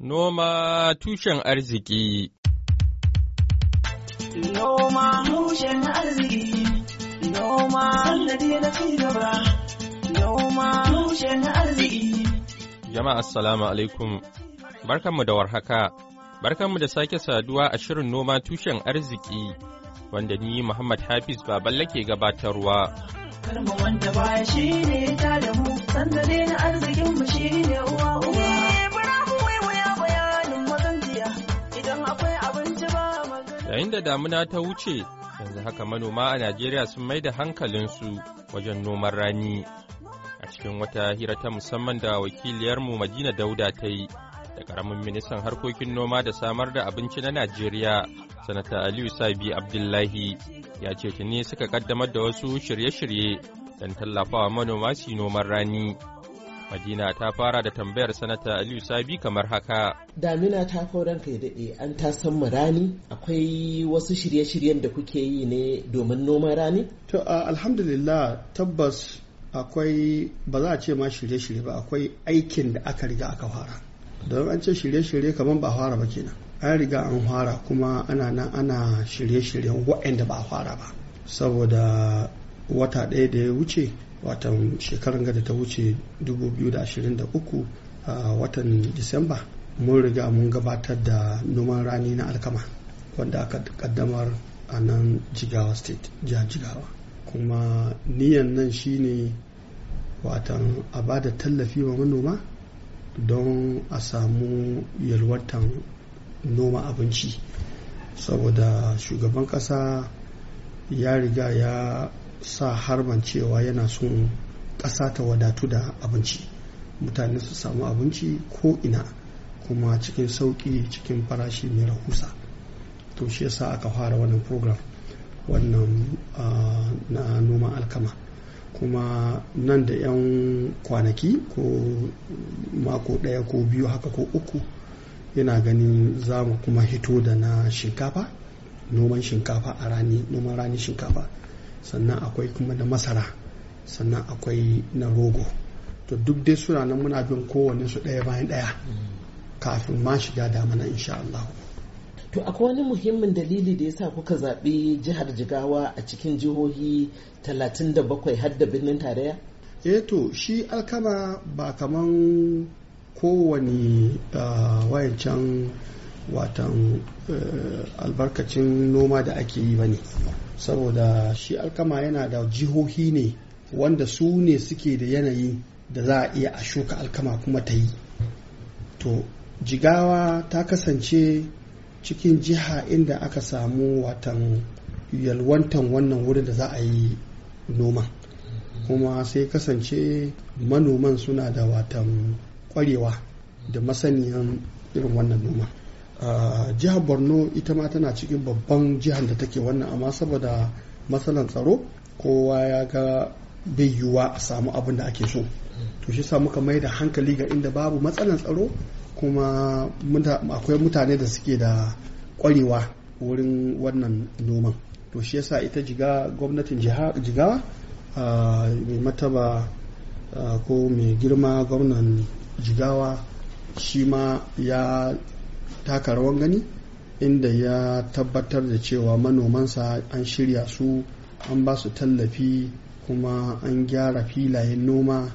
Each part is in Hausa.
Noma tushen arziki Noma tushen arziki Noma sannadi na gaba Noma tushen arziki Jama'a assalamu alaikum Barkanmu da warhaka Barkanmu da sake saduwa a shirin noma tushen arziki wanda ni Muhammad Hafiz Baballe ke gabatarwa. Karma wanda baya shi ne ta da mu, sanda na arzikin mu shi ne uwa uwa. Yayin da damuna ta wuce, yanzu haka manoma a Najeriya sun mai da hankalinsu wajen noman rani. A cikin wata hira ta musamman da wakiliyarmu Madina Dauda ta yi da karamin ministan harkokin noma da samar da abinci na Najeriya, Sanata Aliyu Sabi Abdullahi, ya ce tuni suka ƙaddamar da wasu shirye-shirye don tallafawa manoma su noman rani. Madina ta fara da tambayar sanata Aliyu Sabi kamar haka. Damina ta kauran kai daɗe an ta san rani akwai wasu shirye-shiryen da kuke yi ne domin noman rani? To alhamdulillah tabbas akwai ba za a ce ma shirye-shirye ba akwai aikin da aka riga aka fara. Don an ce shirye-shirye kamar ba fara ba kenan. An riga an fara kuma ana nan ana shirye-shiryen waɗanda ba a fara ba. Saboda wata ɗaya da ya wuce watan shekaran gada ta wuce 2023 a watan disamba mun riga mun gabatar da noman rani na alkama wanda aka kaddamar a nan jigawa state ja jigawa kuma niyan nan shine watan a ba da tallafi wa manoma don a samu yalwatan noma abinci saboda shugaban ƙasa ya riga ya sa harban cewa yana son ƙasa ta wadatu da abinci mutane su samu abinci ko ina kuma cikin sauƙi cikin farashi mai rahusa to shi yasa aka fara wannan program wannan ah, na noman alkama kuma nan da 'yan kwanaki ko mako ɗaya ko biyu haka ko uku yana ganin za mu kuma hito da na shinkafa noman shinkafa a rani noman rani shinkafa sannan akwai kuma na masara sannan akwai na rogo to duk dai suna nan muna bin kowane su ɗaya bayan ɗaya kafin ma shiga damana insha Allah. To akwai wani muhimmin dalili da yasa kuka zaɓi jihar Jigawa a cikin jihohi 37 har da birnin tarayya? Eh to shi alkama ba kaman kowane ah, wayancan watan eh, albarkacin noma da ake yi ba ne. saboda shi alkama yana da jihohi ne wanda su ne suke da yanayi da za a iya a shuka alkama kuma ta yi to jigawa ta kasance cikin jiha inda aka samu watan yalwantan wannan wurin da za a yi noma kuma sai kasance manoman suna da watan kwarewa da masaniyan irin wannan noma jihar borno ita ma tana cikin babban jihar da take wannan amma saboda matsalan tsaro kowa ya ga bai yiwuwa a samu abin da ake so to shi sa muka mai da hankali ga inda babu matsalan tsaro kuma akwai mutane da suke da kwarewa wurin wannan noman to shi yasa ita jiga gwamnatin jiga mai mataba ko mai girma gwamnan jigawa shi ma ya taka rawan gani inda ya tabbatar da cewa manomansa an shirya su an ba su tallafi kuma an gyara filayen noma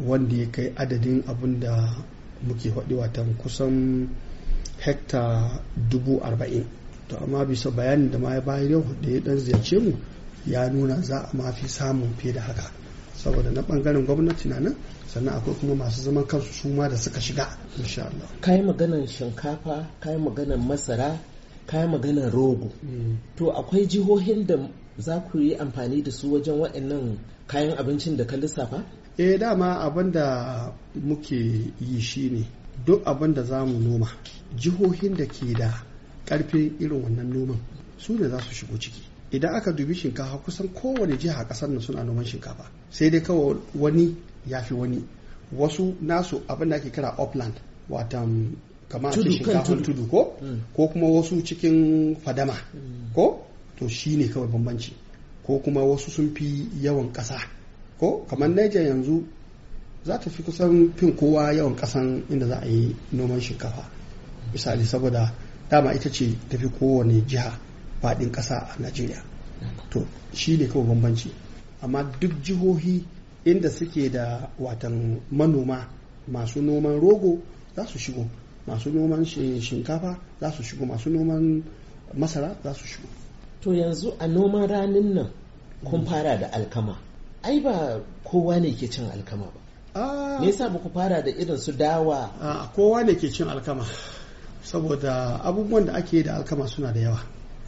wanda ya kai adadin abin da muke faɗi watan kusan hekta dubu arba'in to amma bisa bayanin da ma ya bayar yau da ya ɗan ziyarce mu ya nuna za a mafi samun fiye da haka saboda na bangaren gwamnati na nan sannan akwai kuma masu zaman kansu su ma da suka shiga insha Allah yi maganar shinkafa ka yi maganar masara ka yi maganar rogo mm. to akwai jihohin da za ku yi amfani da su wajen waɗannan kayan abincin da ka lissafa eh dama abin da muke yi shine duk abin da za mu noma jihohin da ke da karfin irin wannan noman su ne za su shigo ciki idan aka dubi shinkafa kusan kowane jiha kasar nan suna noman shinkafa sai dai kawai wani ya fi wani wasu nasu abin da ake kira upland watan kamar ce shinkafa tudu ko hmm. ko kuma wasu cikin fadama hmm. ko to shi ne kawai bambanci ko kuma wasu sun fi yawan ƙasa ko kamar Niger yanzu za ta fi kusan fin kowa yawan ƙasan inda za a yi noman shinkafa misali saboda dama ita ce tafi kowane jiha faɗin ƙasa a najeriya to shi ne kawai bambanci amma duk jihohi inda suke da watan manoma masu noman rogo za su shigo masu noman shinkafa za su shigo masu noman masara za su shigo to yanzu a noman ranin nan kun fara da alkama ai ba kowa ne ke cin alkama ba ah. me yasa ba ku fara da irin su dawa ah, kowa ne ke cin alkama saboda abubuwan da ake da alkama suna da yawa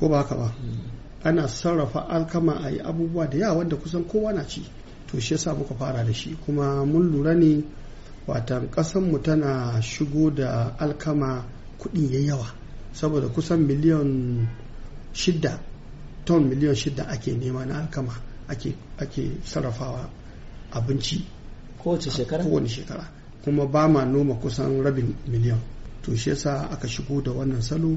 ko ba haka ba ana sarrafa alkama a yi abubuwa da yawa wanda kusan kowa na ci to shi yasa muka fara da shi kuma mun lura ne watan mu tana shigo da alkama kuɗin ya yawa saboda kusan miliyan shida ton miliyan shida ake nema na alkama ake, ake sarrafawa abinci kowace shekara Kowace shekara kuma ba ma noma kusan rabin miliyan to shi yasa aka shigo da wannan salo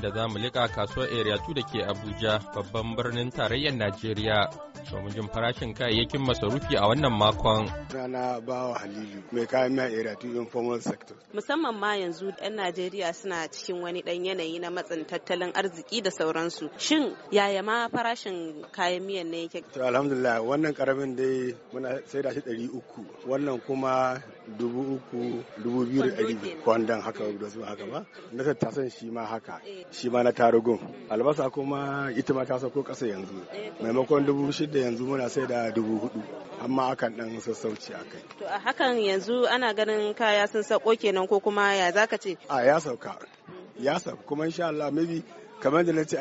inda za mu liƙa kasuwar area 2 da ke Abuja babban birnin tarayyar Najeriya. domin jin farashin kayayyakin masarufi a wannan makon. Rana bawa Halilu mai kayan miya area 2 informal sector. Musamman ma yanzu 'yan Najeriya suna cikin wani ɗan yanayi na matsin tattalin arziki da sauransu. Shin yaya ma farashin kayan miyan ne yake? To alhamdulillah wannan karamin dai muna sai da shi ɗari uku wannan kuma dubu uku dubu biyu da ɗari kwandon haka da su haka ba na tattasan shi ma haka eh. shi ma na tarugun albasa kuma ita ma ta sauko ƙasa yanzu eh, maimakon dubu shida yanzu muna sai da dubu hudu amma akan ɗan sassauci a kai. To a hakan yanzu ana ganin kaya sun sauko kenan ko kuma ya zaka ce? A ya sauka. Ya sauka kuma insha Allah maybe kamar da na ce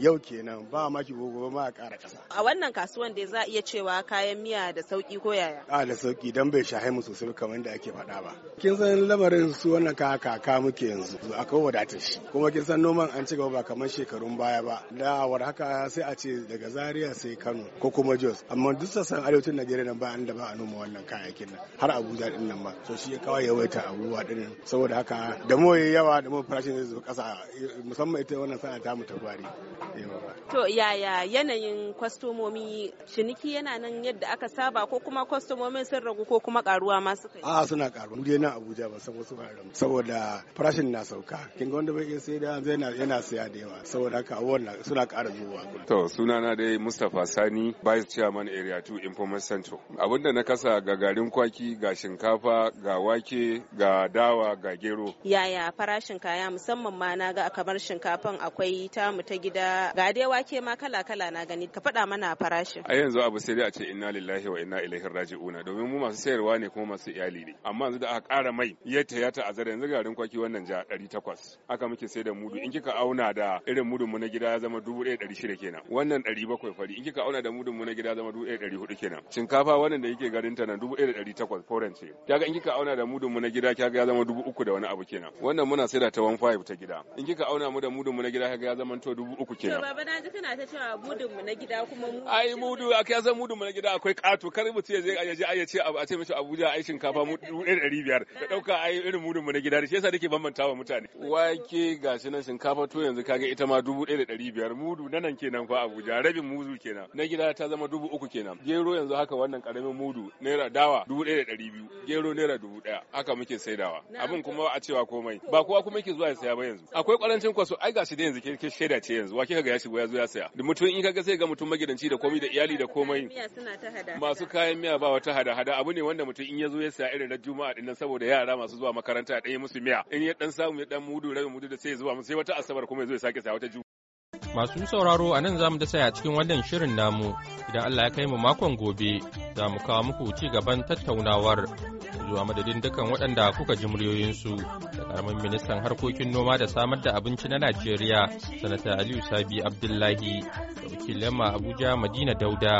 yau kenan ba maki gobe ma a kara kasa A wannan kasuwan dai za a iya cewa kayan miya da sauki ko yaya? A da sauki don bai shahai mu sosai kamar da ake faɗa ba. Kin san lamarin su wannan kaka muke yanzu akwai wadatar shi kuma kin san noman an ci gaba ba kamar shekarun baya ba. Da war haka sai a ce daga Zaria sai Kano ko kuma Jos amma duk sassan arewacin Najeriya nan ba an da ba a noma wannan kayayyakin nan har Abuja din nan ba. So shi ya kawai yawaita abubuwa din saboda haka da mu yawa da mu farashin zai zo ƙasa musamman kuma ita wannan sana ta ta gwari to yaya yanayin kwastomomi ciniki yana nan yadda aka saba ko kuma kwastomomin sun ragu ko kuma karuwa ma suka yi a suna karuwa mu dai Abuja ba san wasu haram saboda farashin na sauka kin ga wanda bai iya sai da yana yana siya da yawa saboda haka wannan suna ƙara zuwa to sunana dai Mustapha Sani vice chairman area 2 information center abinda na kasa ga garin kwaki ga shinkafa ga wake ga dawa ga gero yaya farashin kaya musamman ma na ga kamar shinkafa kafin akwai tamu ta gida ga dai wake ma kala kala na gani ka faɗa mana farashin a yanzu abu sai dai a ce inna lillahi wa inna ilaihi raji'un domin mu masu sayarwa ne kuma masu iyali ne amma yanzu da aka ƙara mai yadda ya ta azara yanzu garin kwaki wannan ja 800 haka muke sai da mudu in kika auna da irin mudun mu na gida ya zama 1600 kenan wannan 700 fari in kika auna da mudun mu na gida zama 1400 kenan shinkafa wannan da yake garin ta nan 1800 foran ce kaga in kika auna da mudun mu na gida kaga ya zama 3000 da wani abu kenan wannan muna sai da ta 15 ta gida in kika auna mu da mudun mu na gida kaga ya zama to dubu uku kenan to baba na ji kana ta cewa mudun mu na gida kuma mu ai mudu aka ya san mudun mu na gida akwai kato kar mutum ya je ya je ai ce a ce mishi Abuja ai shinkafa mu 1500 da dauka ai irin mudun mu na gida shi yasa nake bambanta wa mutane wake gashi nan shinkafa to yanzu kaga ita ma dubu 1500 mudu na nan kenan fa Abuja rabin mudu kenan na gida ta zama dubu uku kenan gero yanzu haka wannan karamin mudu naira dawa dubu ɗaya da ɗari biyu gero naira dubu ɗaya haka muke saidawa abin kuma a cewa komai ba kowa kuma yake zuwa ya saya ba yanzu akwai ƙarancin kwaso ai gashi da yanzu ke shaida ce yanzu wa kika ga ya shigo ya zo ya saya da mutum in kaga sai ga mutum magidanci da komai da iyali da komai masu kayan miya ba wata hada hada abu ne wanda mutum in ya zo ya saya irin na juma'a dinnan saboda yara masu zuwa makaranta a ɗaya musu miya in ya dan samu ya dan mudu rabin mudu da sai zuwa musu sai wata asabar kuma ya zo ya sake saya wata juma'a Masu sauraro a nan zamu mu dasa a cikin wannan shirin namu idan Allah ya kai mu makon gobe za mu kawo muku ci gaban tattaunawar zuwa madadin dukan waɗanda kuka ji muryoyinsu karamin ministan harkokin noma da samar da abinci na najeriya sanata aliyu sabi abdullahi da wakilin abuja madina dauda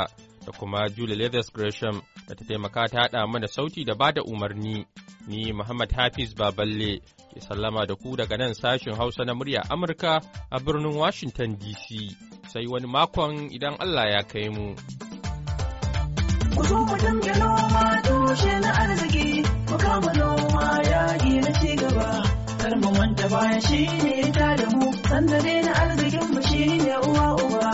da kuma julie leathers gresham da ta taimaka ta haɗa mana sauti da bada umarni ni muhammad hafiz baballe ke sallama da ku daga nan sashin hausa na murya amurka a birnin washington dc sai wani makon idan allah ya kai mu. ku zo mu dinga noma tushe na arziki ku kama noma yaƙi. ba kar mu manta baya shi ne ta da mu sandare na arzikin mu shi ne uwa uba